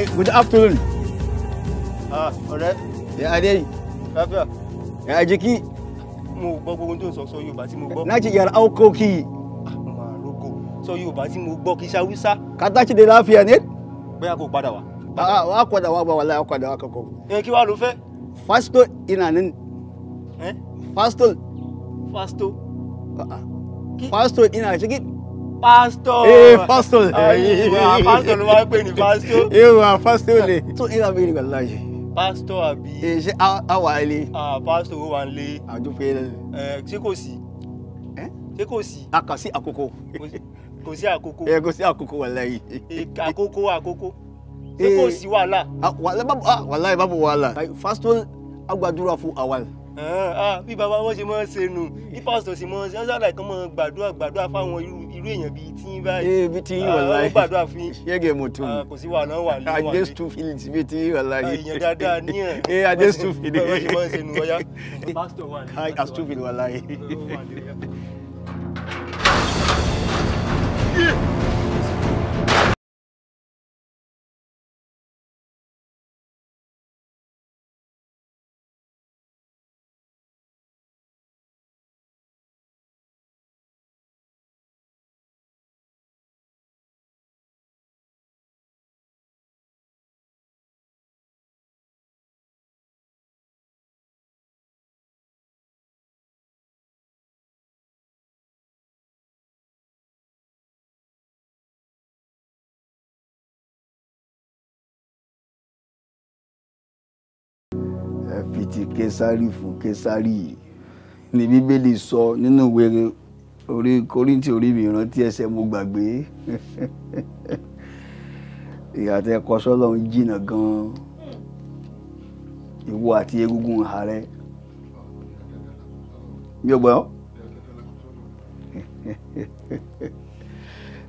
Hi, good afternoon. Ah, ọ̀rẹ́. Ẹ Adéyìn. Káfíà. Ẹ Ajiki. Mo gbọ́ gbogbo tó ń sọ sọ Yorùbá tí mo gbọ́. Láti yàrá ọkọ̀ kì í. Àwọn àròkọ sọ Yorùbá tí mo gbọ́ kì í ṣàwúsá. Kàtàkì de láàfin ni. Bóyá kò padà wá. Àà wà á padà wá gba wàhálà àkọ́dà wá kọ̀kọ́. Ẹ kí wàá ló fẹ́? Fasto ìnàní. Fasto. Fasto. Fasto ìnàní. Pastor, pásítọ̀. Eh, ee eh, Pastor, lè. ayiwa pásítọ̀ ló máa ń pè ní pásítọ̀. ewa pásítọ̀ lè. tó ìlà mi rí wàlá yìí. pásítọ̀ àbí. ee eh, ṣé a wà á lé. ah pásítọ̀ ó wà á lé. àdúpẹ́ lẹ́nu. ẹ ṣé kò sí. ẹ ṣé kò sí. a kà sí àkókò. kò sí àkókò. ẹ kò sí àkókò wàlá yìí. àkókò àkókò. ṣé kò sí wàhálà. wàlá yìí ah, bábò wàhálà. pásítọ̀ agbàdúrà fún àwa ah, bí baba wọn ṣe máa ń ṣe nù bí pásítọ̀ ṣe máa ń ṣe ń ṣàlàyé kan máa gbàdúrà gbàdúrà fáwọn irú irú èèyàn bíi tí yín báyìí. ee eh, bíi tí yín ah, wà láyé ó gbàdúrà yege moto ah, kò sí wà wà lé wà lé. adé stu feelings bíi tí yín wà láyé. Ah, èèyàn dáadáa ní ẹ. ee adé stu feelings. bẹ́ẹ̀ bá ṣe máa ń ṣe nu ọ̀yá. pásítọ̀ wà ní. ká stu feelings wà láyé. ti késárì fún késárì yìí ni bíbélì sọ nínú ìwé orí kórìntì orí mi ìrántí ẹsẹ̀ mo gbàgbé ìyàtọ̀ ẹ̀kọ́ sọ́lọ́run jìnnà gan-an ìwọ àti egungun ààrẹ mi ò gbọ́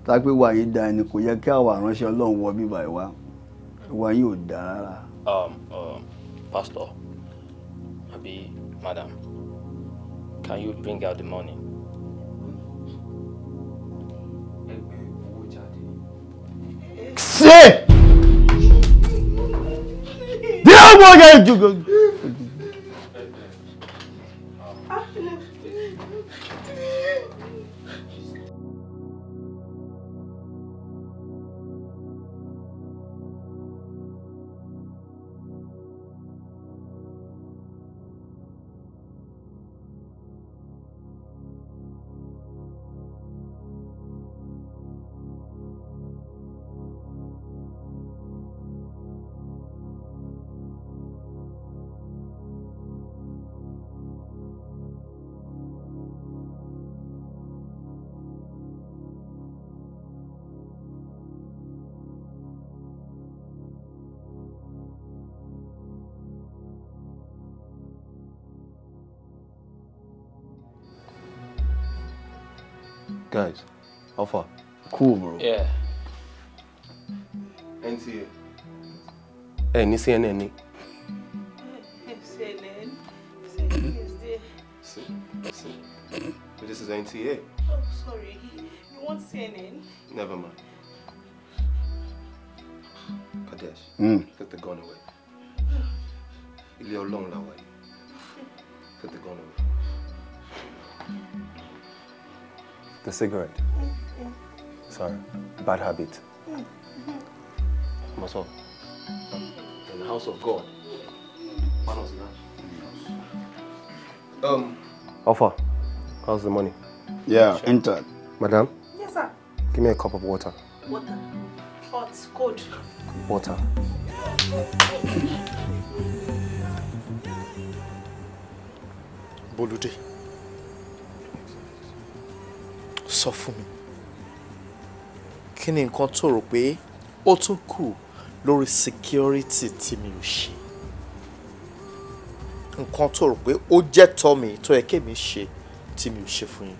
tápé wà yìí da ẹni kò yẹ kí àwa ránṣẹ́ ọlọ́run wọ bíbá ìwà ìwà yìí ò dáa rárá. Um, um, pastor àbí madam can you bring out the money. ṣe díẹ̀ wọ́n yẹ jù. Guys, how far? Cool, bro. Yeah. NCA. Hey, eh, ni CNN ni. CNN. is there. See, see. But this is NTA. Oh, sorry. You want CNN? Never mind. Kadesh, mm. put the gun away. Ilé Ọlọ́run la wà Put the gun away. The cigarette. Sorry, bad habit. Maso, in the house of God, man Um. Offer, how's the money? Yeah, sure. entered. Madam? Yes, sir. Give me a cup of water. Water. Hot, cold. Water. Bolude. sọ fún mi kí ni nǹkan tó rò pé ó tún kù lórí security tí mi ò ṣe nǹkan tó rò pé ó jẹ́ tọ́ mi tó yẹ kémi ṣe tí mi ò ṣe fún yín.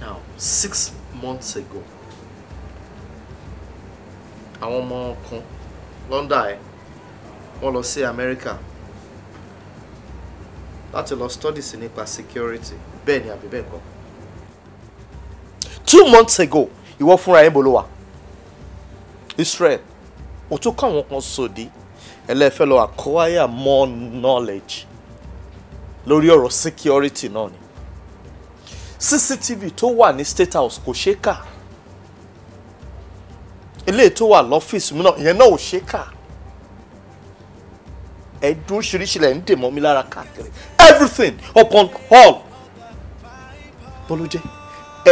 now six months ago àwọn ọmọ kan lọ́ndà ẹ̀ wọ́n lọ sí amẹ́ríkà láti lọ study sí nípa security bẹ́ẹ̀ ni àbí bẹ́ẹ̀ kọ́. two months ago ìwọ fúnra ẹ̀ ń bolo wa Israel o tún kọ́ àwọn kan sòdí ẹlẹ́fẹ́ lọ acquire more knowledge lórí ọ̀rọ̀ security náà ni CCTV tó wà ní State House kò ṣeé kà ilé tó wà lọ́fíìsì mi náà ìyẹn náà ò ṣe kà ẹ̀dùn ṣiríṣi ń dè mọ́ mi lára káàkiri everything upon all bọ́lójẹ́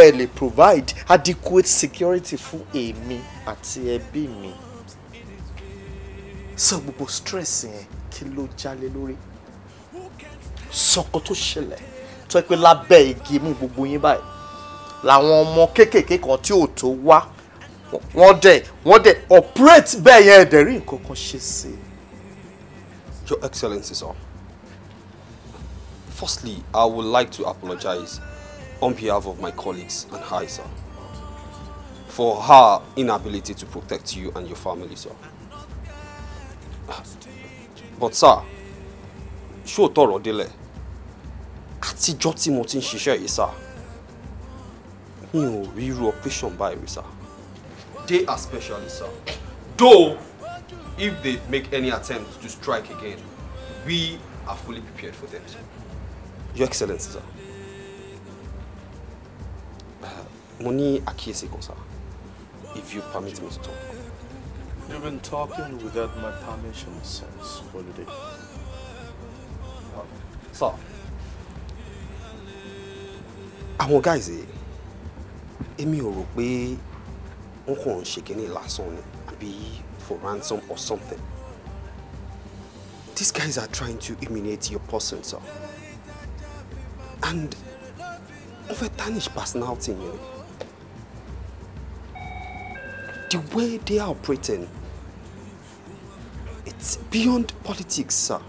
ẹ lè provide adequate security fún èmi àti ẹbí mi sọ gbogbo stress yẹn kí ló jálé lórí sọ̀kan tó ṣẹlẹ̀ tó ẹ pé lábẹ́ igi mú gbogbo yín báyìí làwọn ọmọ kéékèèké kan tí ò tó wá wọ́n dẹ̀ wọ́n dẹ̀ operate bẹ́ẹ̀ yẹn ẹ̀dẹ̀ rí nǹkan kan ṣe sí i. Your Excellency sir firstly I would like to apologize on behalf of my colleagues and her sir for her inability to protect you and your family sir but sir ṣó tọrọ délẹ̀ àtijọ́ tí mo ti ń ṣiṣẹ́ yìí sir mi ò rí irú operation báyìí sir they are specialists, sir. Though, if they make any attempt to strike again, we are fully prepared for them, sir. Your Excellency, sir. Uh, Mo ní sir. If you permit me to talk. You've been talking without my permission since holiday. Uh, sir. Àwọn guys yìí, eh, èmi ò rò pé n kò ń ṣe kínní lásán ni àbí for ransom or something these guys are trying to eliminate your person sir and wọ́n fẹ́ tarnish personality yẹn the way they are operating it's beyond politics sir.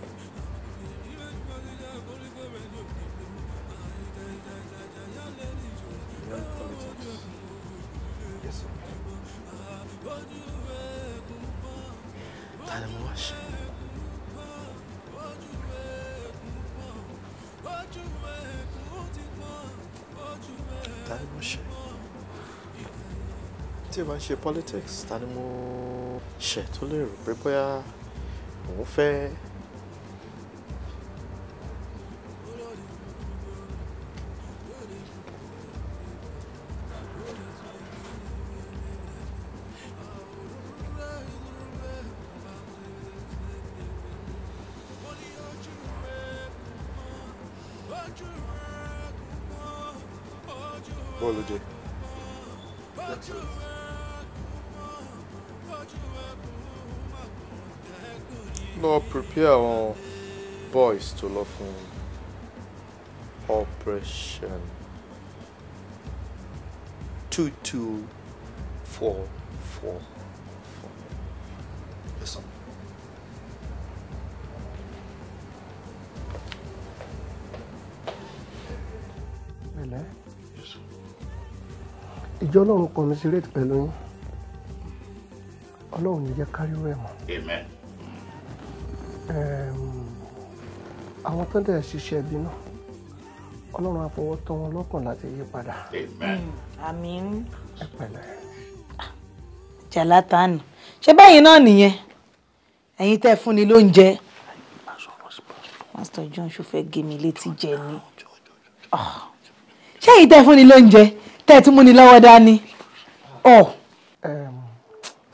ń ṣe politics ta ni mo ṣẹ̀ tó lè rò pé bóyá òun àwọn boys tó lọ fún operation two two four four four. Yes, sir. ẹlẹ ìjọ Ọlọ́run commiserate pẹ̀lú yín Ọlọ́run ní jẹ́ kárí rẹ̀ mọ́. amen àwọn tó ń dẹ̀ ṣiṣẹ́ ibi náà ọlọ́run á fọwọ́ tọ́ wọn lọ́kàn láti yí padà. Mm, àmín. ẹ pẹ̀lẹ́. jàlátà nù ṣé náà nìyẹn ẹ̀yin tẹ́ fún ni lóúnjẹ. pásítọ̀ John ṣùfẹ́ gé mi létí jẹ ni ah. ṣé èyí tẹ́ fún ni lóúnjẹ tẹ́ ẹ̀ tún mú ni lọ́wọ́ dání. Oh.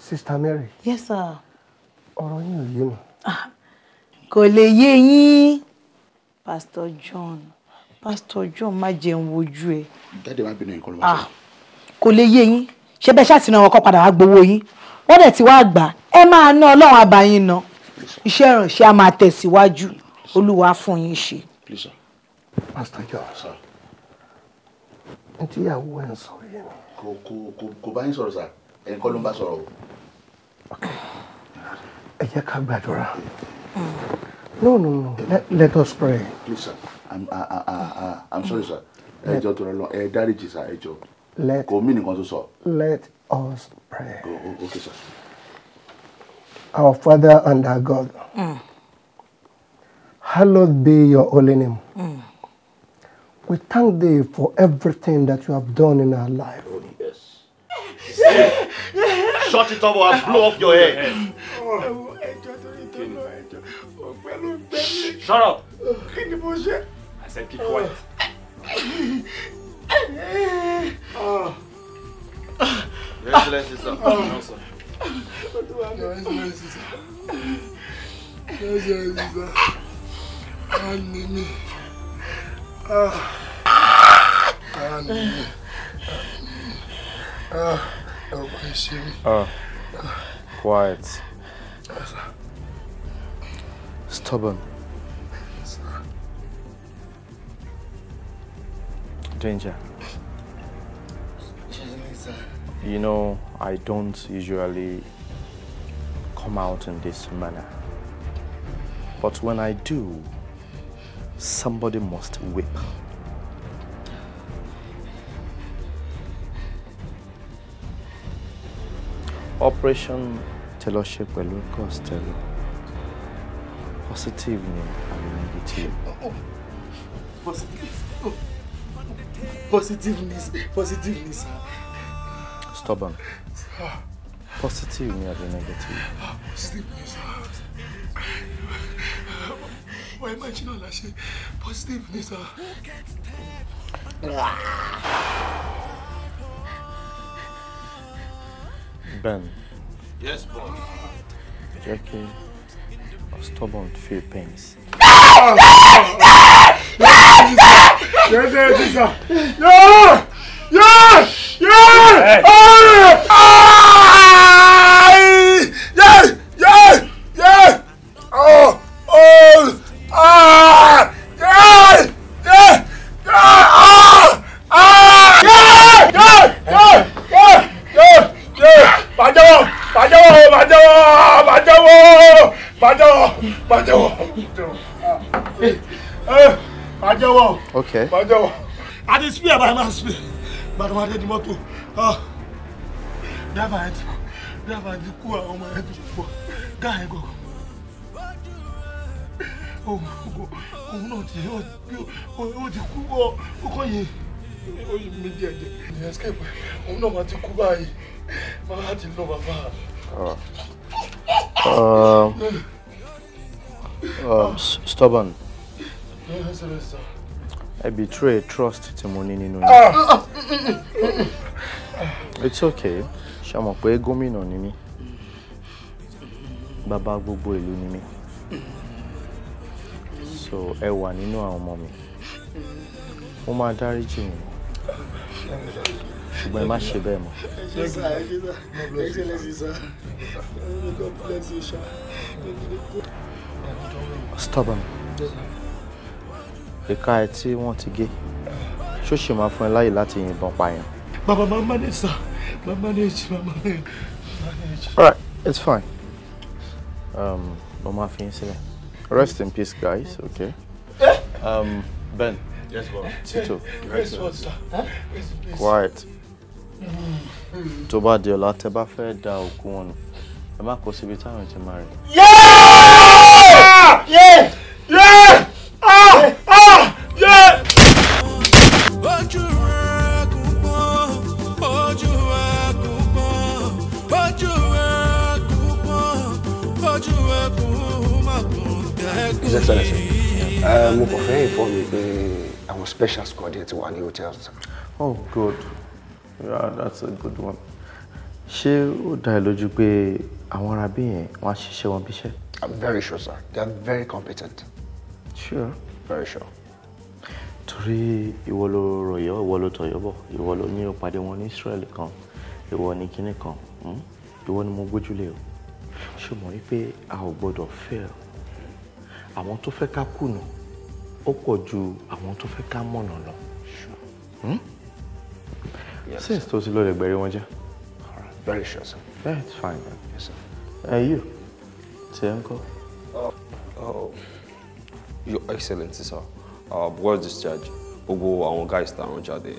Sister Mary. yes sir. ọ̀rọ̀ yín ò yé mi. Ah kò lè yé yín pastor john pastor john má jẹun wojú ẹ. jáde wá bínú ìkọlù wá. Ah, kò lè yé yín ṣé bẹ́ẹ̀ ṣáà ti náà wọn kọ́ padà wá gbowó yín wọ́n dẹ̀ ti wá gbà ẹ máa ná ọlọ́run àbáyín ná iṣẹ́ ìrànṣẹ́ a máa tẹ̀síwájú olúwa fún yín ṣe. pastor john sọ ní tíyàwó ẹ̀ ń sọ yẹn. kò kò kò bá yín sọ̀rọ̀ sà ẹ̀ńkọ́ ló ń bá sọ̀rọ̀ o. ẹ jẹ́ ká gbàdúrà. No, no, no. Let, let us pray. Please, sir. I'm, I, I, I, I'm sorry, sir. Ẹ jọ̀ọ́ torí Ọlọ́run, ẹ dáríjì sir, ẹ jọ̀ọ́. Let, Kò mí nìkan tó sọ. Let us pray. Go, oh, okay, sir. Our Father and our God, mm. hallowed be your holy name. Mm. We thank thee for everything that you have done in our life. Oh, yes. Shut it up or I'll blow off your head. Oh. Shut up. sọ̀rọ̀. kí ni I said keep quiet. Ah. your excellence is ah. no sir. your excellence is up. your excellence is up. quiet. Yes, sir stubborn. Danger. You know, I don't usually come out in this manner. But when I do, somebody must whip. Operation Teloshe Pelu Costello. Positive ni àbí negative? Positive. Positiveness. Positiveness. Stubborn. Positive ni àbí negative? Positiveness. Why am I chilling like shit? Positiveness. Ben. Yes, boss. Jackie. stubborn feel pains. Bàjẹ́wọ̀ bàjẹ́wọ̀ bàjẹ́wọ̀ bàjẹ́wọ̀. Eh, máa jẹ́wọ́ máa jẹ́wọ́ máa jẹ́wọ́ máa jẹ́wọ́ àti spear by man spear gbàdúrà dé di mọ́tò ah. dábàá ẹ̀ ti dábàá ti kú àwọn ọmọ ẹ̀ ti pọ̀ gáà ẹ̀ gọ̀gọ̀ oh òun náà ti ó ti kú ọ kókó yìí ó yìí mi díẹ̀ díẹ̀ ní escape òun náà máa ti kú báyìí um, um stubborn. I betray trust tí mo ní It's okay. Shamo, mọ̀ pé gómìnà ni mí. Bàbá gbogbo ìlú ni mí. So ẹ wà nínú àwọn ọmọ mi. Mo máa dáríjì yín ṣùgbọ́n ẹ má ṣe bẹ́ẹ̀ mọ́. ẹ ṣe sá ẹ ṣe sá ẹ ṣe lè ṣe sá God bless you sá. stubborn ìka ẹ tí wọ́n ti gé ṣó ṣì máa fún ẹ láyè láti yìnbọn pààyàn. bàbá máa manage sá máa manage máa manage. all it's fine um, mo máa fi yín sílẹ̀ rest in peace guys okay eh! um, Ben. Yes, boss. Tito. Yes, boss. Quiet tó bá di ọ̀la tẹ bá fẹ́ da òkú wọn nù ẹ má kó síbi táwọn ti máa rìn. Uh, mo kàn fẹ́ inform mi pé àwọn special squad yẹn ti wà ní hotels. oh good yeah that's a good one. ṣé ó dá ẹ lójú pé àwọn arábí yẹn wọ́n á ṣiṣẹ́ wọn bíṣẹ́. i'm very sure sir they are very competent. sure. very sure. torí ìwọ ló rọyọ ìwọ ló tọyọbọ ìwọ ló ní ìpàdé wọn ní israel kan ìwọ ní kinní kan hmm? ìwọ ni mo gbójúlé o ṣé mọ̀ wípé a ò gbọ́dọ̀ fail àwọn tó fẹ́ ká kùnà ó pọ̀ ju àwọn tó fẹ́ ká mọ̀nà lọ. sure. Hmm? Yes. Since Tosi Lord Egberi Wanja. All very sure, sir. Yeah, it's fine, man. Yes, sir. And uh, you? Say, uncle. Uh, oh, Your Excellency, sir. Uh, well discharged. Gbogbo our guys tá àwọn jáde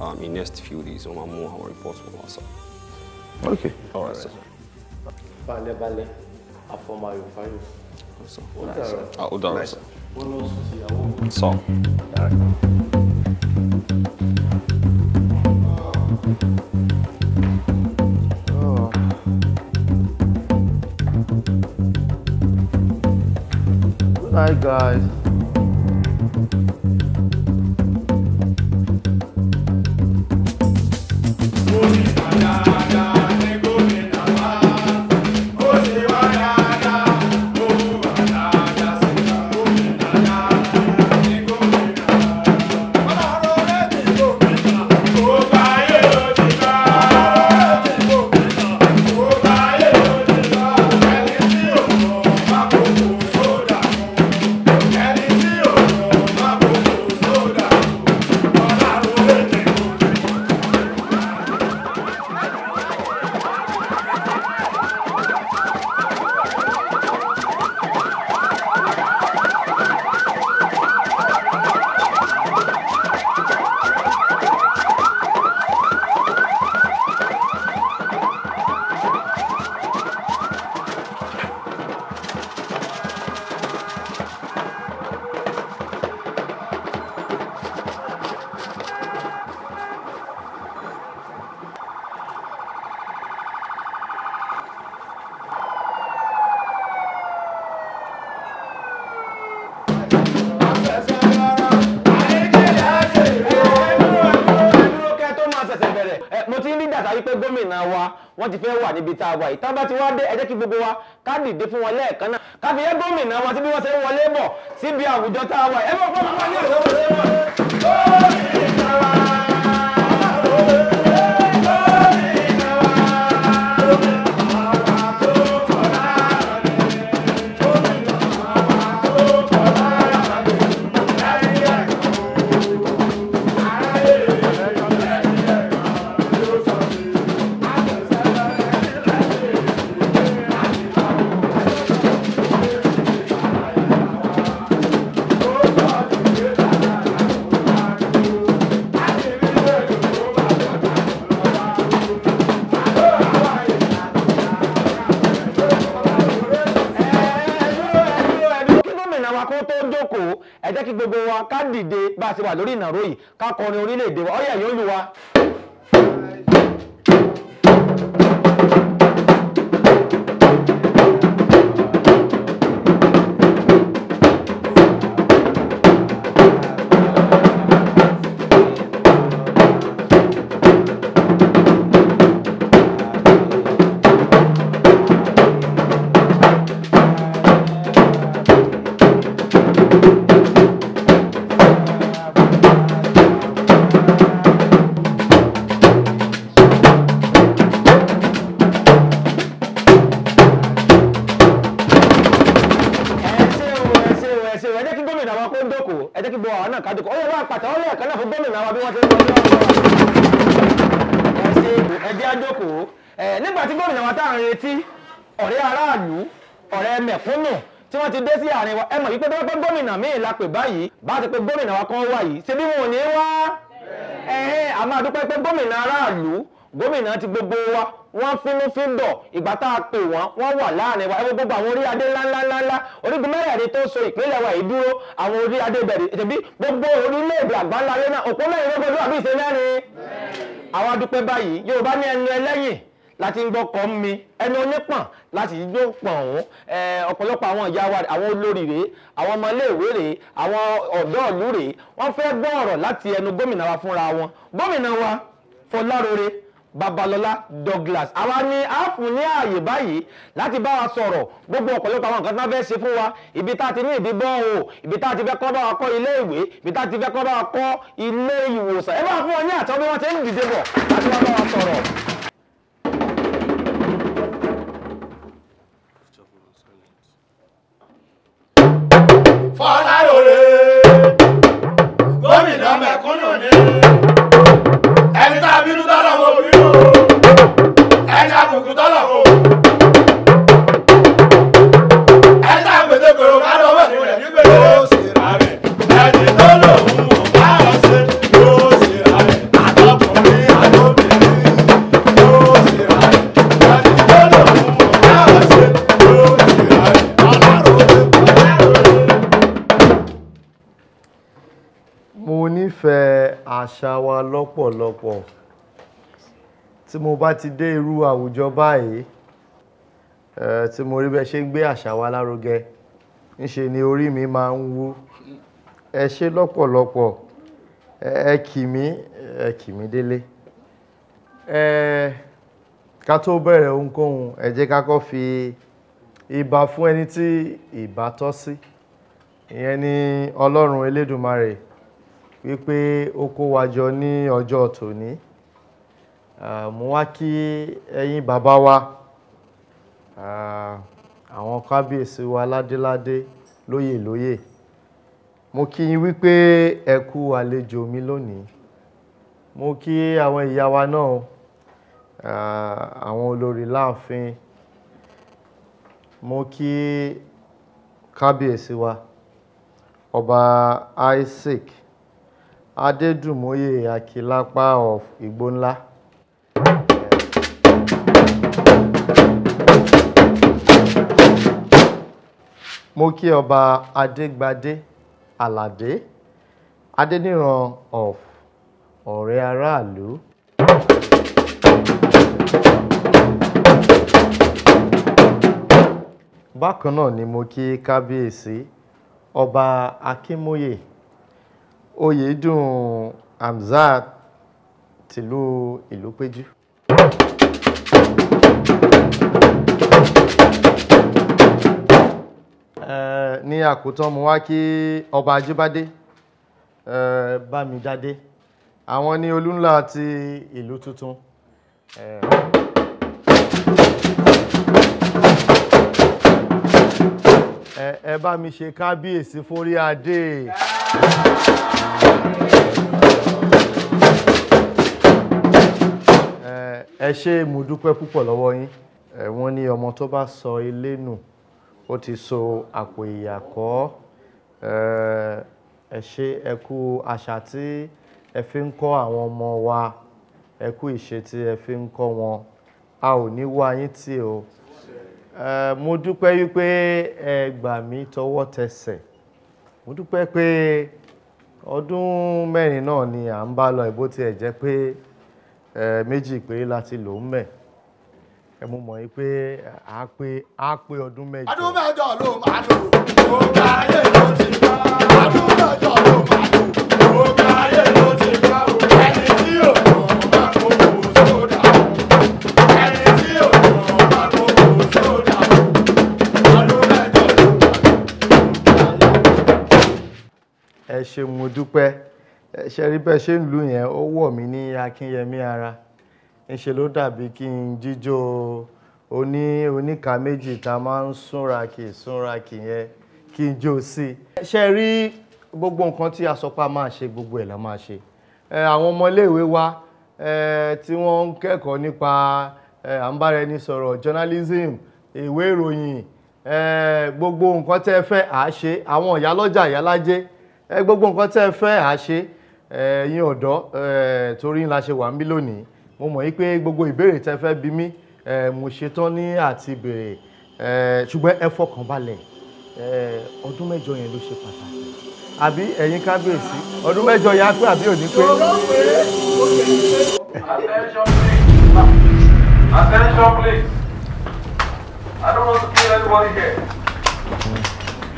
um, in next few days wọ́n more mú àwọn report wọn wá sir. Okay. All right, sir. Balẹ̀ balẹ̀, àfọmọ́ Yorùbá yóò. Sir. Ó dára. Ah, nice, dára, sir. Ó lọ Sir. night guys wọ́n ti fẹ́ wà níbi tá a wà yìí tábà ti wá dé ẹ jẹ́ kí gbogbo wa ká dìde fún wọn lẹ́ẹ̀kan náà ká fi yẹ gómìnà wọn sí bí wọ́n ṣe ń wọlé bọ̀ síbi àwùjọ tá a wà yìí ẹ bọ̀ fún wọn ní òṣèlú a ti wà lórí ìnàró yìí ká kọrin orílẹ̀-èdè wa ọ̀yà yóò lù wá. thank you retí ọ̀rẹ́ aráàlú ọ̀rẹ́ mẹ̀kúnnù tí wọ́n ti dé sí àárín wa ẹ mọ̀ wípé gómìnà míì la pè báyìí bá ti pé gómìnà wa kan wà yìí ṣe bí wọn ò ní wá ẹ̀hẹ́n àmọ́ àdúpẹ́ pé gómìnà aráàlú gómìnà ti gbogbo wa wọ́n fínú bọ̀ ìgbà tá a pè wọ́n wọ́n wà láàrin wa àwọn orí adé ńláńláńlá orígun mẹ́rẹ̀ẹ̀rin tó so ìpínlẹ̀ wa yìí dúró àwọn láti ń gbọ́ kọ́ ń mi ẹnu onípọ̀n láti jó pọ̀n ọ̀hún ọ̀pọ̀lọpọ̀ àwọn ìyá wa àwọn olórí rèé àwọn ọmọléèwé rèé àwọn ọ̀dọ́ ìlú rèé wọ́n fẹ́ gbọ́ ọ̀rọ̀ láti ẹnu gómìnà wa fúnra wọn gómìnà wa Fọlárore Babalọlá Douglas àwa ni a fún ní ààyè báyìí láti bá wa sọ̀rọ̀ gbogbo ọ̀pọ̀lọpọ̀ àwọn nǹkan tí wọ́n fẹ́ ṣe fún wa ibi tá a ti ní ìdí bọ́ o ibi tá a ti fẹ́ kọ́ bá wa kọ́ ilé ìwé ibi tá a ti fẹ́ kọ́ bá wa kọ́ ilé ìwòsàn ẹ bá fún wọn ní àtọ́ bí wọ́n ti ń dìde bọ̀ láti wá bá wa sọ̀rọ̀. For àṣà wa lọ́pọ̀lọpọ̀ tí mo bá ti dé irú àwùjọ báyìí tí mo rí bẹ́ẹ̀ ṣe ń gbé àṣà wa lárugẹ ńṣe ni orí mi máa ń wú ẹ ṣe lọ́pọ̀lọpọ̀ ẹ kì mí ẹ kì mí délé ẹ ká tó bẹ̀rẹ̀ ohunkóhun ẹ jẹ́ ká kọ́ fi ìbà fún ẹni tí ìbà tọ́ sí ìyẹn ni Ọlọ́run Elédùmarè wípé ó kó wa jọ ní ọjọ́ tòní mo wá kí ẹ̀yin bàbá wa àwọn kábíyèsí wa ládéládé lóyè lóyè mo kí yín wípé ẹ kú àlejò mi lónìí mo kí àwọn ìyá wa náà àwọn olórí láàfin mo kí kábíyèsí wa ọba Isaac adédùnmóye akilapa of igbónlá. mo kí ọba adégbadé aládé adéníran of ọ̀rẹ́ aráàlú. bákan náà ni mo kí kábíyèsí ọba akínmóye oyèdùn hamzat tìlú ìlúpéjú. ní àkótán mo wá kí ọba ajíbádé bámijáde àwọn ní olúńlá ti ìlú tuntun. ẹ bá mi ṣe kábíyèsí fórí adé. Yeah ẹ ṣé mo dúpẹ́ púpọ̀ lọ́wọ́ yín wọ́n ní ọmọ tó bá sọ ilé nù ó ti so àpò ìyàkọ́ ẹ ṣé ẹ kú àṣà tí ẹ fi ń kọ́ àwọn ọmọ wa ẹ kú ìṣe tí ẹ fi ń kọ́ wọn a ò ní wá yín tì o mo dúpẹ́ wípé ẹ gbà mí tọwọ́ tẹsẹ̀ mo dúpẹ́ pé ọdún mẹ́rin náà ni à ń bá lọ ìbò tiẹ̀ jẹ́ pé méjì péré láti lò ń mẹ̀ ẹ mú mọ̀ pé a pé a pé ọdún mẹ́jọ. ọdún mẹ́jọ ló máa lò ó gbà ayé ló ti gbà ọdún mẹ́jọ ló máa. ẹ ṣe mo dúpẹ́ ṣe rí bẹ́ẹ̀ ṣe ń lù yẹn ó wọ̀ mí ní akínyẹmí ara ńṣe ló dàbí kí n jíjó oní oníka méjì tá máa ń súnra kì súnra kì yẹn kí n jó sí i. ṣe rí gbogbo nǹkan tí a máa ṣe gbogbo ẹ̀ la máa ṣe àwọn ọmọléèwé wa tí wọ́n ń kẹ́kọ̀ọ́ nípa à journalism ìwé ìròyìn gbogbo nǹkan tẹ́ fẹ́ à á ṣe àwọn ìyálọ́jà ìyálájẹ́ ẹ gbogbo nǹkan tẹ́ ẹ fẹ́ àṣe ẹ̀yin ọ̀dọ́ torí ńlá ṣe wà ń bí lónìí mo mọ̀ yí pé gbogbo ìbéèrè tẹ́ fẹ́ bí mí mo ṣetán ní àti béèrè ṣùgbọ́n ẹ fọkàn balẹ̀ ọdún mẹ́jọ yẹn ló ṣe pàtàkì àbí ẹ̀yin kábíyèsí ọdún mẹ́jọ yẹn á pé àbí òní pé. Attention please. I don't want to kill anybody here.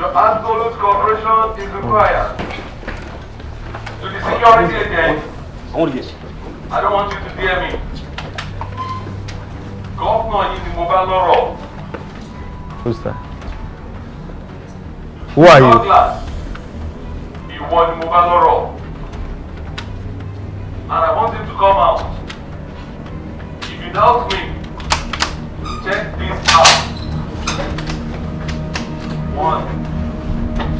Your absolute cooperation is required to the security oh, agents. Oh, I want I don't want you to hear me. Governor in the mobile law. Who's that? Who are you? Douglas. He won the mobile law. And I want him to come out. If you doubt me, check this out. One.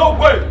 No way.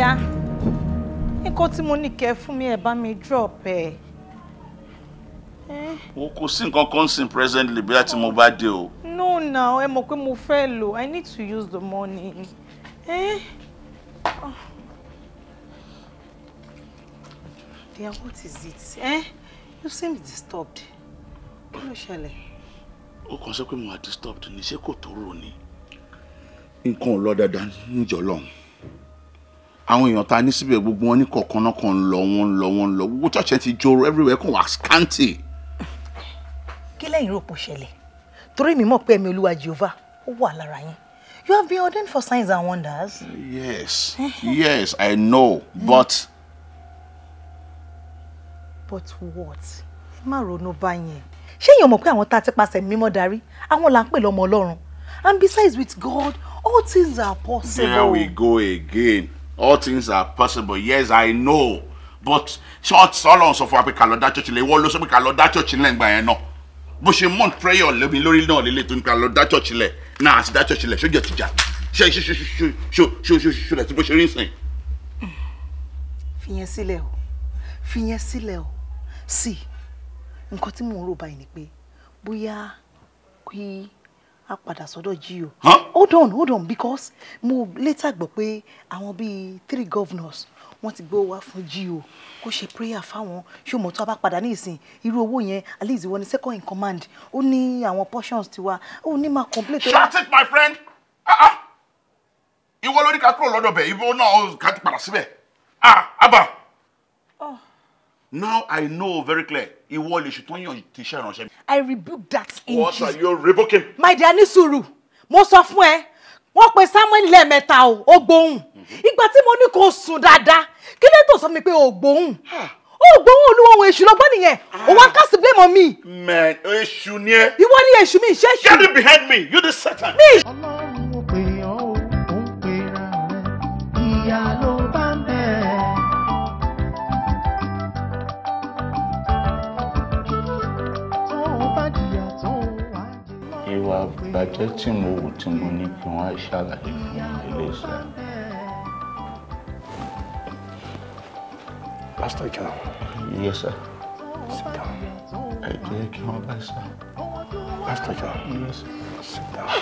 yá nǹkan tí mo ní kẹ́ fún mi ẹ̀ bá mi drop ẹ̀. o kò sí nǹkan kan sí presently bí a ti mo bá dé o. no na ẹ mọ̀ pé mo fẹ́ lò i need to use the money. Eh? Dear, what is it? Eh? You seem disturbed. Kí ló ṣẹlẹ̀? Ó kàn sọ pé mo wà disturbed ni, ṣé kò tó rò ni? Nǹkan ò lọ dáadáa níjọ́ lọ́hùn àwọn èèyàn ta ní síbẹ̀ gbogbo wọn ní kọ̀ọ̀kan náà kàn ń lọ wọn ń lọ wọn lọ gbogbo church ti joro everywhere kàn wá scanty. kí lẹ́yìn rò pò ṣẹlẹ̀ torí mi mọ̀ pé ẹ̀mí olúwa jehovah ó wà lára yín you have been ordained for signs and wonders. yes yes i know but. Eh. but what ẹ má ronú báyẹn ṣé èèyàn mọ̀ pé àwọn tá a ti pàṣẹ mímọ́ darí àwọn là ń pè lọ́mọ ọlọ́run and besides with god all things are possible. there we go again all things are possible yes i know but church ọlọ́run sọ fún wa pé ká lọ dá church lẹ̀ ìwọ ló sọ pé ká lọ dá church lẹ̀ ńgbà yẹn náà bó ṣe mount prayer lómi lórí náà lélẹ̀ tó ń ká lọ dá church lẹ̀ náà àti dá church lẹ̀ sójú ẹ̀ ti jà ṣe ṣe ṣe ṣe ṣe ṣe ṣe ṣe rẹ̀ tí bó ṣe rí ń sìn. fìyẹn sílẹ̀ o fìyẹn sílẹ̀ o sí nǹkan tí mò ń rò báyìí ni pé bóyá kí a padà sọ́dọ̀ gio. hold on hold on because mo later gbọ́ pé àwọn bíi three governors wọ́n ti gbé wá fún gio kó ṣe prayer fáwọn ṣùgbọ́n tó a bá padà ní ìsìn irú owó yẹn at least ìwọ ni second in command ó ní àwọn portions tiwa ó ní máa complain. shut it my friend ah, ah. ìwọ lórí ká kúrò lọ́dọ̀ bẹ̀ ìbò náà ká padà síbẹ̀ ah abba now i know very clear ìwọ lè ṣètò yàn ti ṣe ìránṣẹ́ mi. i rebuke that in jesus. what are you rebuking. my dear ní sùúrù mo sọ fún ẹ wọ́n pe samuel lẹ́ẹ̀mẹ́ta o ó gbóhùn mhm. ìgbà tí mo ní kó sùn dáadáa kí ló tó sọ mi pé ó gbóhùn ó gbóhùn olúwo ohun èṣù lọ́gbọ́n nìyẹn ah. ó wá cast blame on me. man èṣù ni ẹ. ìwọ ni èṣù mi ṣe èṣù. get it behind me you dey satan. mi. ìwà bàjẹ́ tí mo wù tí mo ní kí wọ́n ṣàlàyé fún iléeṣẹ́. Pastor John. Yes, sir. Sit down. Ẹ jẹ́ kí wọ́n bá sọ. Pastor John. Yes, sir. Sit down.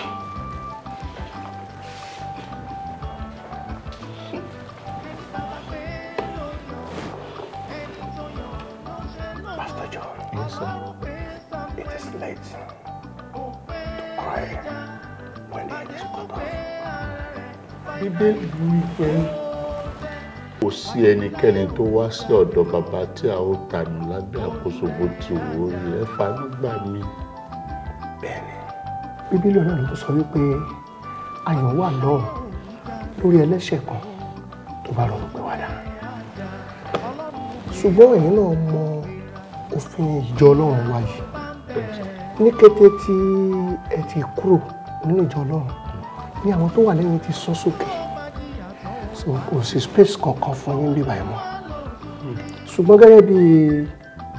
Pastor John. Yes, sir. It is late. rẹ̀ wọ́n ní ẹni tó kọ́kọ́ rẹ̀. bíbélì wí pé kò sí ẹnikẹ́ni tó wá sí ọ̀dọ̀ bàbá tí a ó tànù lábẹ́ àkóso bó ti wò ó rí ẹ fanú gbà mí. bẹ́ẹ̀ni bíbélì ọlọ́run tó sọ wípé ayọ̀ wà lọ́rùn lórí ẹlẹ́ṣẹ̀ kan tó bá ronú pé wàdà ṣùgbọ́n ẹ̀yin náà mọ òfin ìjọ ọlọ́run wa yìí ní kété tí ti kúrò nínú ìjọ ọlọ́run ní àwọn tó wà lẹ́yìn ti sún sókè so kò sí space kankan fún yín bíbá ẹ̀ mọ́ ṣùgbọ́n gẹ́gẹ́ bí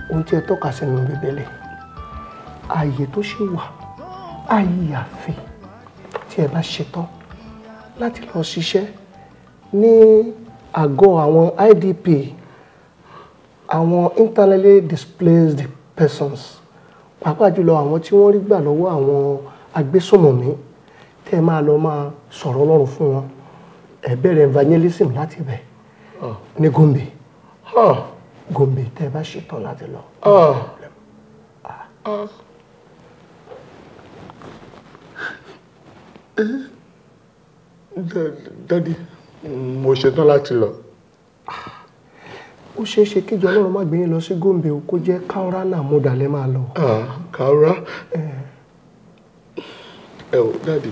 ohun tí ẹ tọ́ka sí nínú bíbélì ààyè tó ṣì wà ààyè ààfin tí ẹ bá ṣetán láti lọ ṣiṣẹ́ ní àgọ́ àwọn IDP àwọn internally displaced persons pàápàá jùlọ àwọn tí wọ́n rí gbà lọ́wọ́ àwọn. Lo agbésùnmọ̀mí tẹ́ ẹ máa lọ máa sọ̀rọ̀ ọlọ́run fún wọn ẹ bẹ̀rẹ̀ evangelism láti bẹ̀ ah. ní Gombe ah. Gombe tẹ́ ẹ bá ṣetán láti lọ. Ah. Eh. dadi mo ṣetán láti lọ. ó ṣeé ṣe kíjọ ọlọ́run má gbé yín lọ sí Gombe o kó jẹ́ Kaura náà mo dà máa lọ. Kaura. Eh ẹ ò dáàdì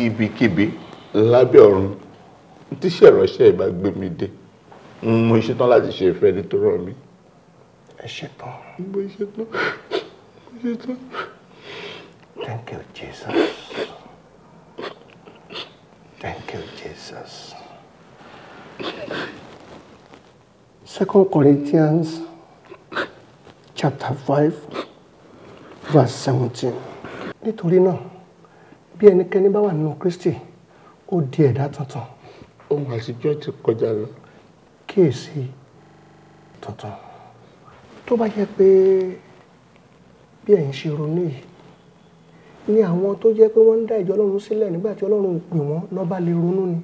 ibikíbi lábẹ́ ọ̀run tíṣẹ́ ìránṣẹ́ ìbá gbé mi dé mo ṣetán láti ṣe ìfẹ́ ní tó rọ̀ mí. ẹ ṣetán. mo ṣetán mo ṣetán. Thank you, Jesus. Thank you, Jesus. Second Corinthians chapter five, verse 17. Nítorí náà bí ẹnikẹ́ni bá wà nínú Kristi ó di ẹ̀dá tuntun. ohun àtijọ́ ti kọjá lọ. kíyèsí tuntun tó bá jẹ́ pé bí ẹ̀yin ṣe ronú yìí ni àwọn tó jẹ́ pé wọ́n ń dá ìjọ Ọlọ́run sílẹ̀ nígbà tí Ọlọ́run ò pè wọ́n lọ́ba lè ronú ni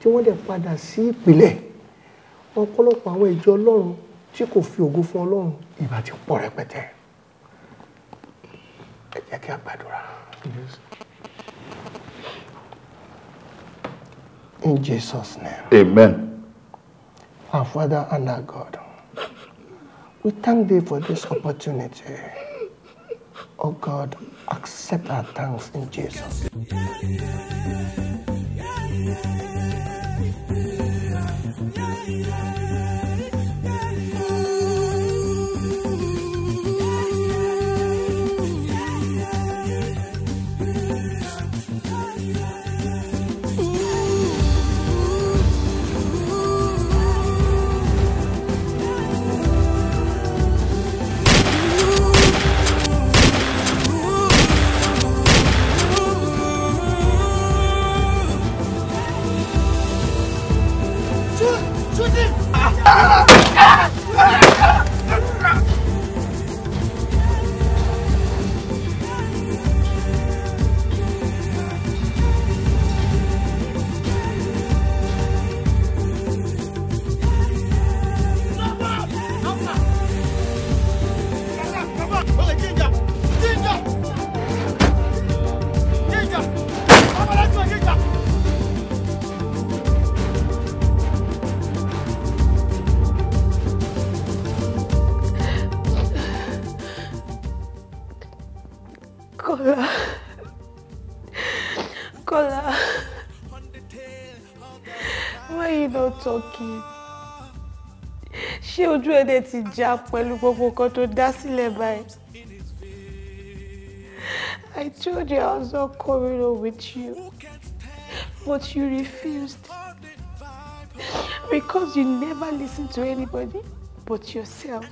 tí wọ́n dẹ̀ padà sí ìpìlẹ̀ ọ̀pọ̀lọpọ̀ àwọn ìjọ Ọlọ́run tí kò fi ògo fún Ọlọ́run ìbá pọ̀ rẹpẹtẹ ẹ jẹ́ kí a gbàdúrà. Yes. In Jesus' name. Amen. Our Father and our God, we thank thee for this opportunity. Oh God, accept our thanks in Jesus. ti já pẹ̀lú gbogbo nǹkan tó dá sílẹ̀ báyìí. I told you I was not coming home with you, but you refused. Because you never listen to anybody but yourself.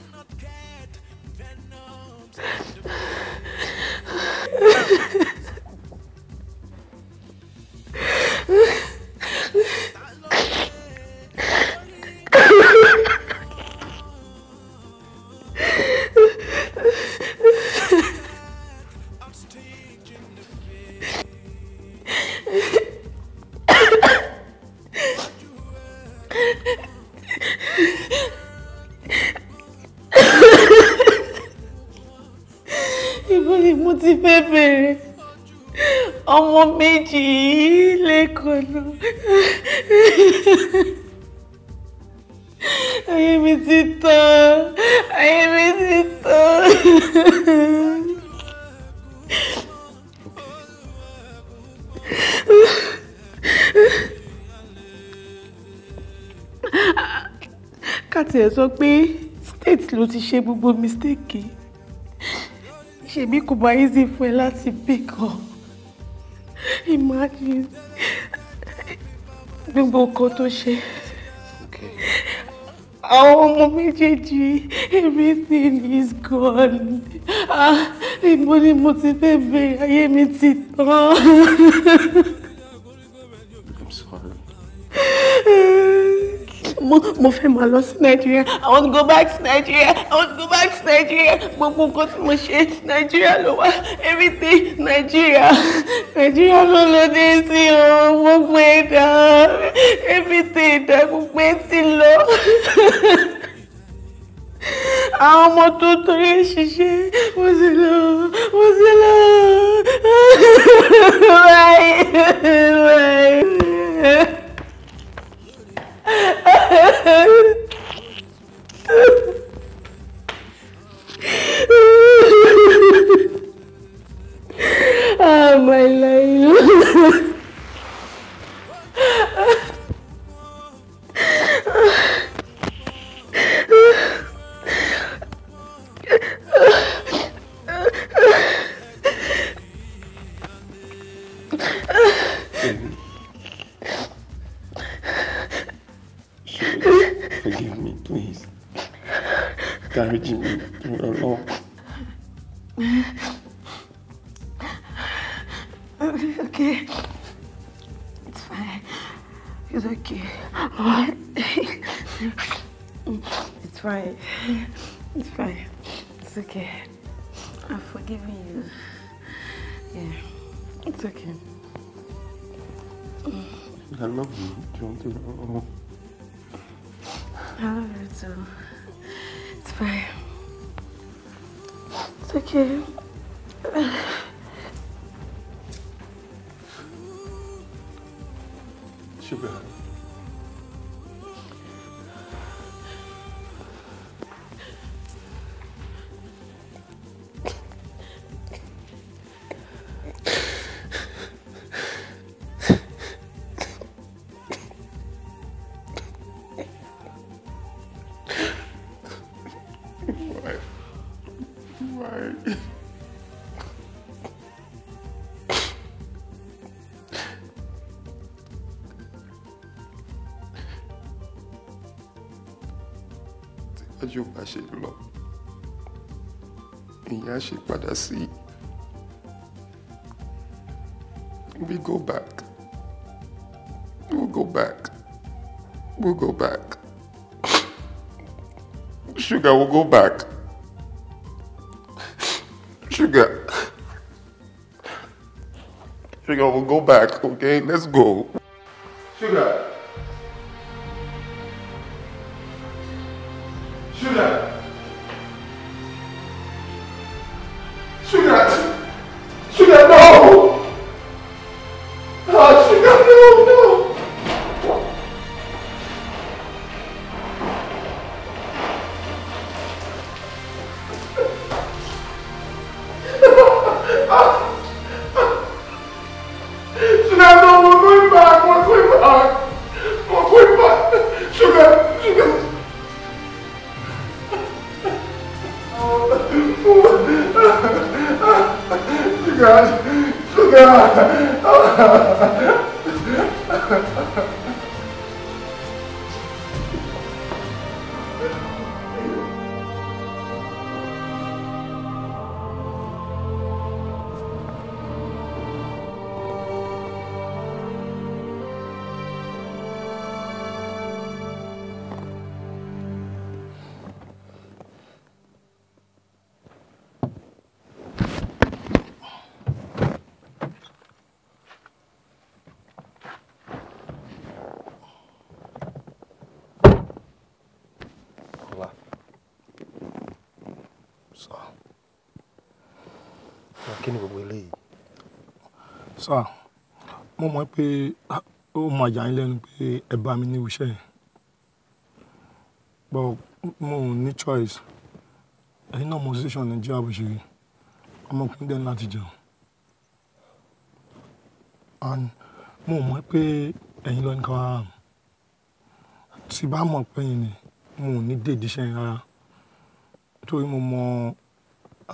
ti ṣe gbogbo mistake ṣèbí kò bá easy fún ẹ láti pick up imagine gbogbo nǹkan tó ṣe àwọn ọmọ méjèèjì everything is gone ah, ibo ni mo ti fẹ́ bẹ̀rẹ̀ ayé mi ti tán. I'm sorry. mo mo fẹ́ máa lọ sí nàìjíríà i want to go back to nigeria i want to go back to nigeria gbogbo nǹkan tí mo ṣe nàìjíríà ló wà everything nàìjíríà nàìjíríà ló ló dé sí o gbogbo ẹ̀dá everything ẹ̀dá gbogbo ẹ̀ ti lọ àwọn ọmọ tó torí ẹ ṣiṣẹ́ wọ́n sì lọ wọ́n sì lọ báyìí báyìí. yóò bá ṣe lọ ṣe padà sí we go back we will go back we will go back sugar we will go back sugar sugar we go back okay let's go sugar. Sir, mo mọ̀ pé ah, ó máa yà yín lẹ́nu pé ẹ bá mi ní irú iṣẹ́ mo ò ní choice. Ẹ̀yin náà mọ situation Nigeria bó ṣe rí. Ọmọkùnrin dẹ̀ láti jẹun. And mo mọ̀ pé ẹ̀yin ló ní ká wá rà mí. Tí bá mọ̀ pé ẹ̀yin ni, mo ní dèdí iṣẹ́ yẹn rárá. Nítorí mo mọ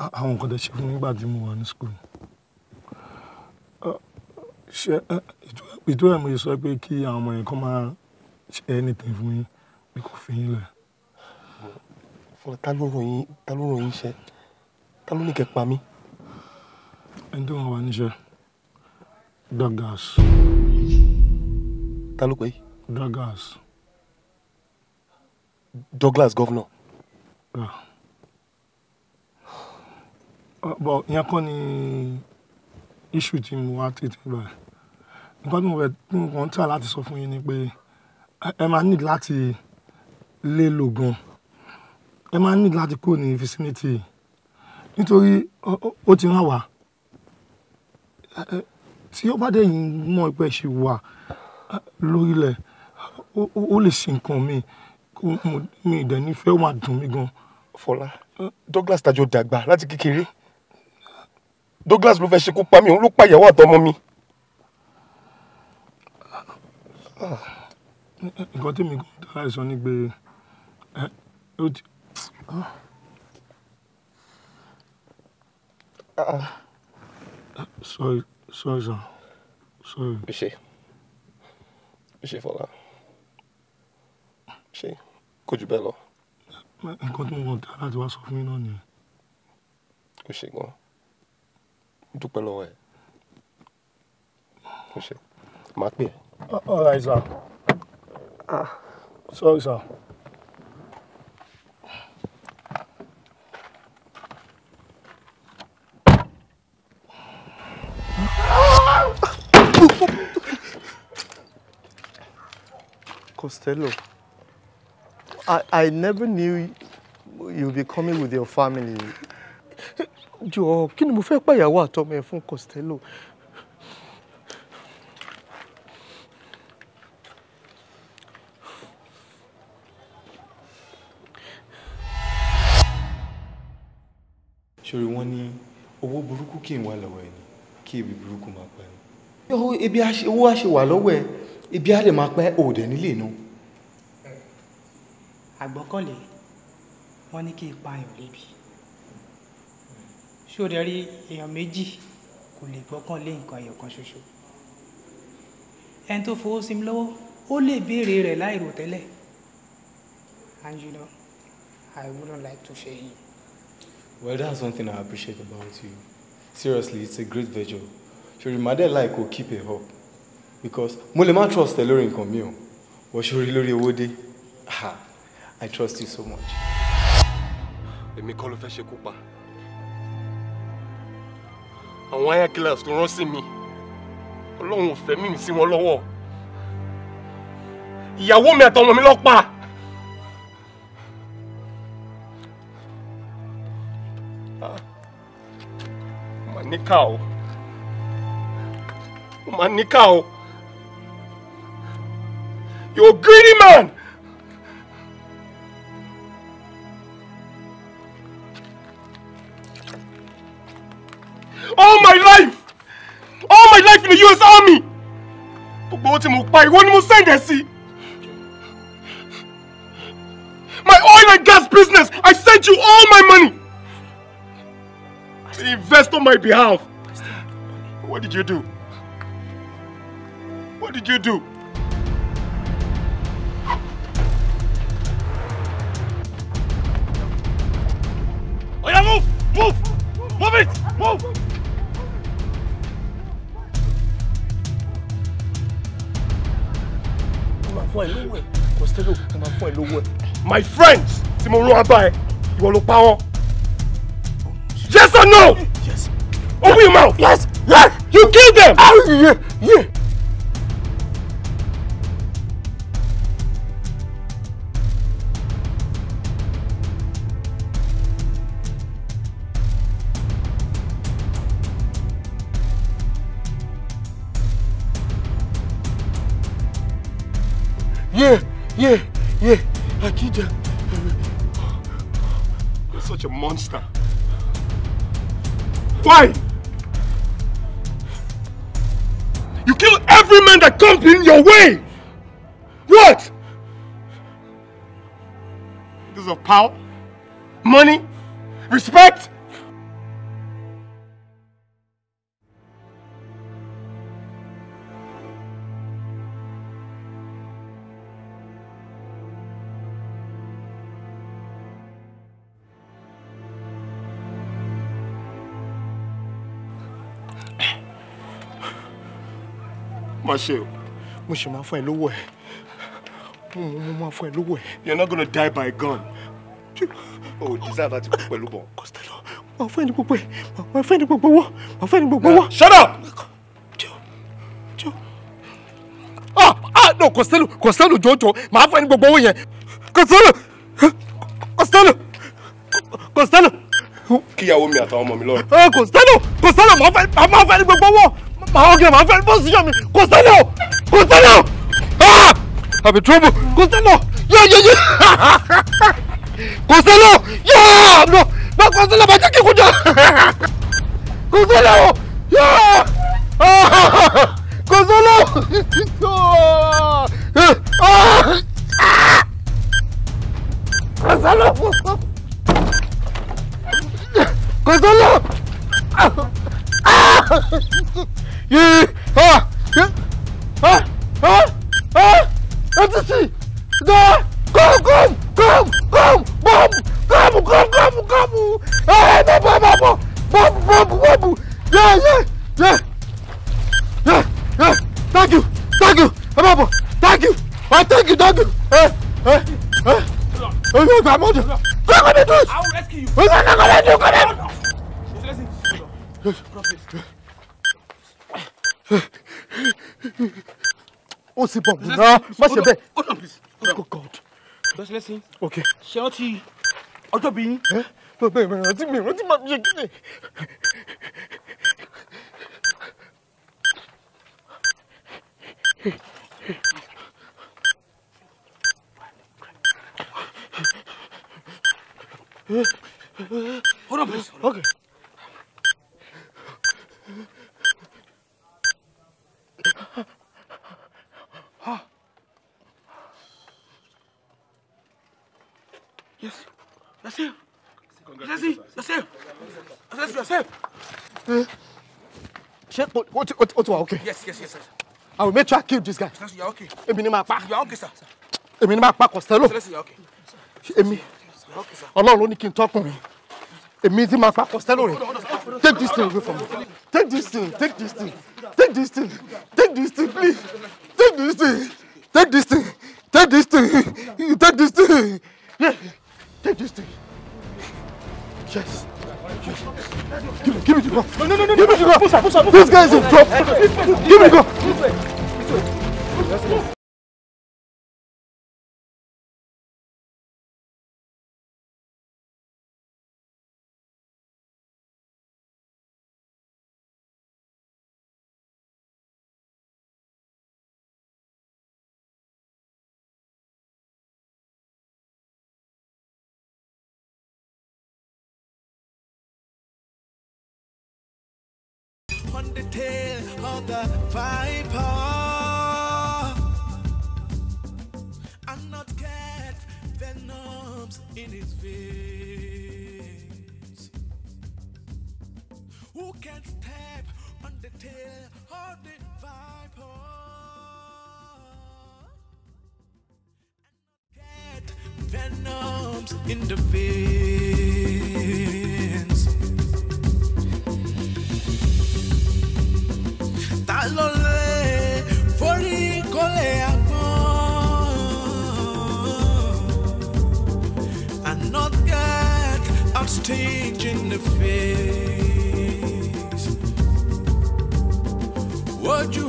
ah, àwọn nǹkan tí ẹ ṣe fún nígbà tí mo wà ní school ṣe ìtura mi sọ pé kí àwọn ọmọ yẹn kọ́ máa ṣe anything fún yín bí kò fi yín lẹ̀. fún ta ló ràn yín ta ló ṣe ta ló ní kẹ́ pa mí. ẹni tó ń wà níṣẹ́ Douglas. ta ló pè é. Douglas. Douglas governor. Yeah. Uh, but ìyẹn kọ́ ni issue tí mo wá tètè báyìí nǹkan tí mo fẹ́ tí mo kàn ń tà láti sọ fún yín ni pé ẹ máa need láti lé lò gan ẹ máa need láti kúrò ní vicinity nítorí ó ti ràn wá tí ó bá dé yín mọ̀ pé ṣì wà lórílẹ̀ ó lè ṣe nǹkan mi kó mi ìdẹ̀ nífẹ̀ẹ́ ó máa dùn mí gan. Fọlá Douglas tajọ dàgbà láti kékeré Douglas ló fẹ́ ṣekú pa mí òun ló pa ìyàwó àtọmọ mi. Nǹkan tí èmi gan try sọ ni pé, ẹ, ó ti Sorry, sorry sir. Sorry. Ẹ ṣé. Ẹ Fọlá. Ẹ Kò ju bẹ́ẹ̀ lọ. Nǹkan tí mo kàn try láti wá sọ fún yín náà nìyẹn. Ẹ ṣé gan. dúpẹ́ lọ́wọ́ ẹ. Ẹ ṣé. Màá pè ẹ́. Oh, right, sir. Ah. so sir. Costello, I, I never knew you'd be coming with your family. Jọ̀ọ́, kí ni mo fẹ́ pàyàwó àtọmọ ẹ fún Costello? kí wà lọ́wọ́ ẹ̀ kí ebi burúkú máa pa ni. ebi owó àṣẹ wà lọ́wọ́ ẹ̀ ebi á lè máa pẹ́ òòdẹ̀ nílé náà. àgbọ́kọ̀lé wọ́n ní kí n pa lébi ṣó rẹ rí èèyàn méjì kò lè gbọ́kàn lé nǹkan ẹ̀yọ̀ kan ṣoṣo ẹni tó fowó sí mi lọ́wọ́ ó lè béèrè rẹ̀ láìrò tẹ́lẹ̀ and you know I wouldn't like to fail him. Well, that's one thing I appreciate about you seriously it's a great vigil. ṣòrí màá dẹ̀ láì kó keep a hope because mo lè má trust ẹ lórí nǹkan mi o wọ́n ṣòrí lórí owó dé ha i trust you so much. èmi kọ́ ló fẹ́ ṣekú pa àwọn higher class ló rán sí mi ọlọ́run ò fẹ́ mímì sí wọn lọ́wọ́ ìyàwó mi àtọmọ mi ló pa. nikao, man nikao. You're a greedy man! All my life! All my life in the US Army! But owó tí mo pa ìwọ ni mo send ẹ sí. My oil and gas business, I sent you all my money! arrest on my behalf. What did you do? What did you do? Oh move! Move! Move it! Move! My friends, Timo Ruabai, ìwọ ló pa power? Yes or no? your mouth! Yes! Yes! You killed them! Oh, yeah, yeah. Yeah, yeah, yeah, I killed them. You're such a monster. Why? that comes in your way. What? Because of power, money, respect. má ṣe o. mo ṣe máa fún ẹ lówó ẹ mo mo máa fún ẹ lówó ẹ. you not gonna die by gun. o ò deserve àti kú pẹ̀lú bọ̀. Costello máa fún ẹ ní gbogbo ẹ máa fún ẹ ní gbogbo owó máa fún ẹ ní gbogbo owó. shut up. ah ah no Costello Costello Jojo, máa fún ẹ ní gbogbo owó yẹn Costello Costello Costello. kíyàwó mi àtàwọn ọmọ mi lọ. Ah, Costello Costello máa fẹ́ ní gbogbo owó. My màá ọ̀gẹ̀ màá fẹ́ bọ́ síyàn mi kò sẹ́lẹ̀ o kò Ah, o àbí túbù kò sẹ́lẹ̀ o yóò yóò yóò kò sẹ́lẹ̀ o yóò no bá kò sẹ́lẹ̀ bá jẹ́ kí kú jọ kò sẹ́lẹ̀ o yóò kò Ah. Ah. kò sẹ́lẹ̀ o kò Ah. Ah yìí ah ah ah ah etc go come come come come bomb come come come come ah no bomb bomb bomb bomb bomb yeah yeah yeah yeah yeah thank you thank you ẹ bọ thank you i thank you thank you ẹ ẹ ẹ olú ìgbà mọ́tò kọ́ kọ́ mi Oh, c'est bon, Bouna. Moi, c'est bien. Hold on, please. Oh, God. Let's, let's see. Okay. Shouty. Otobi. Hein? Non, mais, mais, dis, mais, dis, ma bien. Hold on, please. Okay. No, what, what, what, what? okay. Yes, yes, yes, sir. I will make sure I kill this guy. Excellency, you are okay. Èmi ni màá pa. You are okay, sir. Èmi ni màá pa Costello. Excellency, you are okay. Èmi. You are okay, sir. Ọlọ́run ló ní kí n me. Èmi ti máa pa Costello rẹ̀. Take this thing away from me. Take this thing, take this thing, take this thing, take this thing, please. Take this thing, take this thing, take this thing, take this thing. Yeah, take this thing. Yes. yes. Give me, give me the gun. No, no, no, no. Give me the gun. This guy is a drop. Give me the gun. on the tail of the viper and not get venoms in his veins. Who can step on the tail of the viper? and not get Venoms in the veins. lọ́lẹ̀ forí kọ́lẹ̀ àgbọ̀n and not get in the face. Would you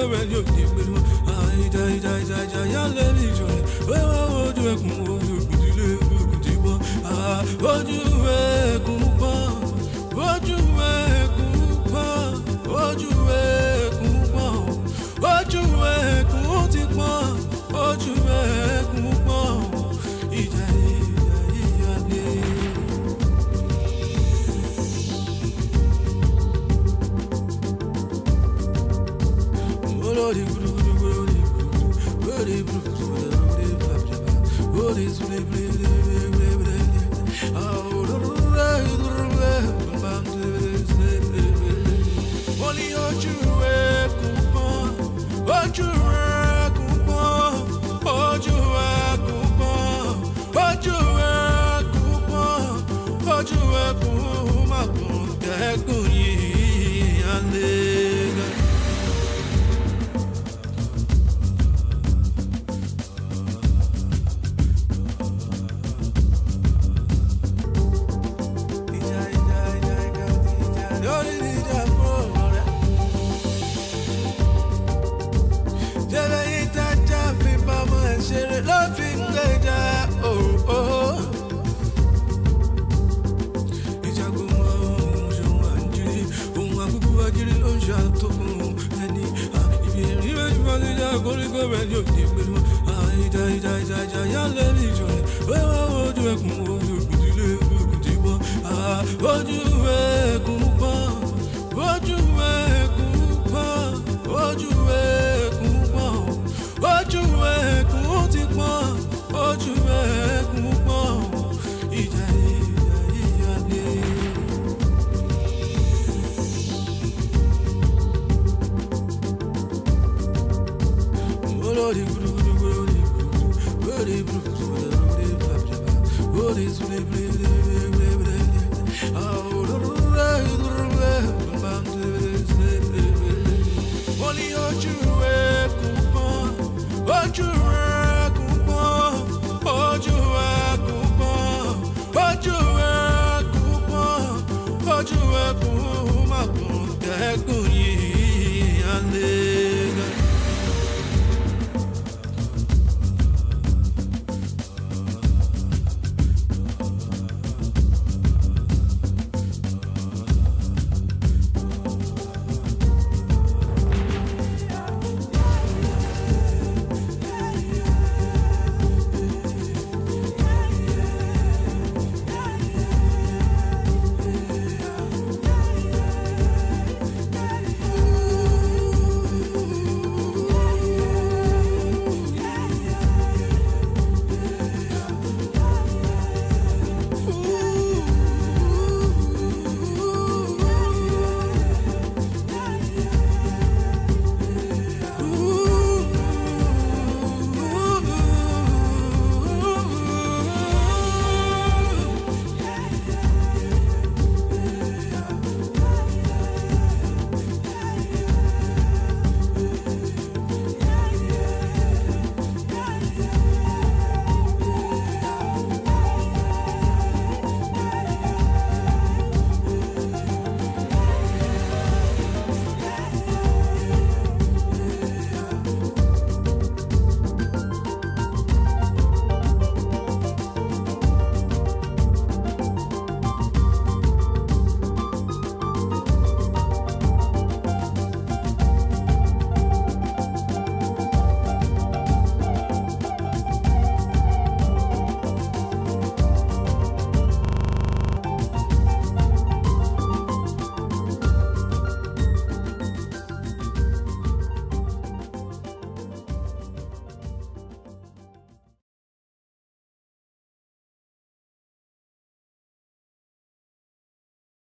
I yóò ti pinnu àìjà ìjà ìjà ìjà yálẹ̀ bí ìjọ rẹ̀ wẹ́wẹ́ wo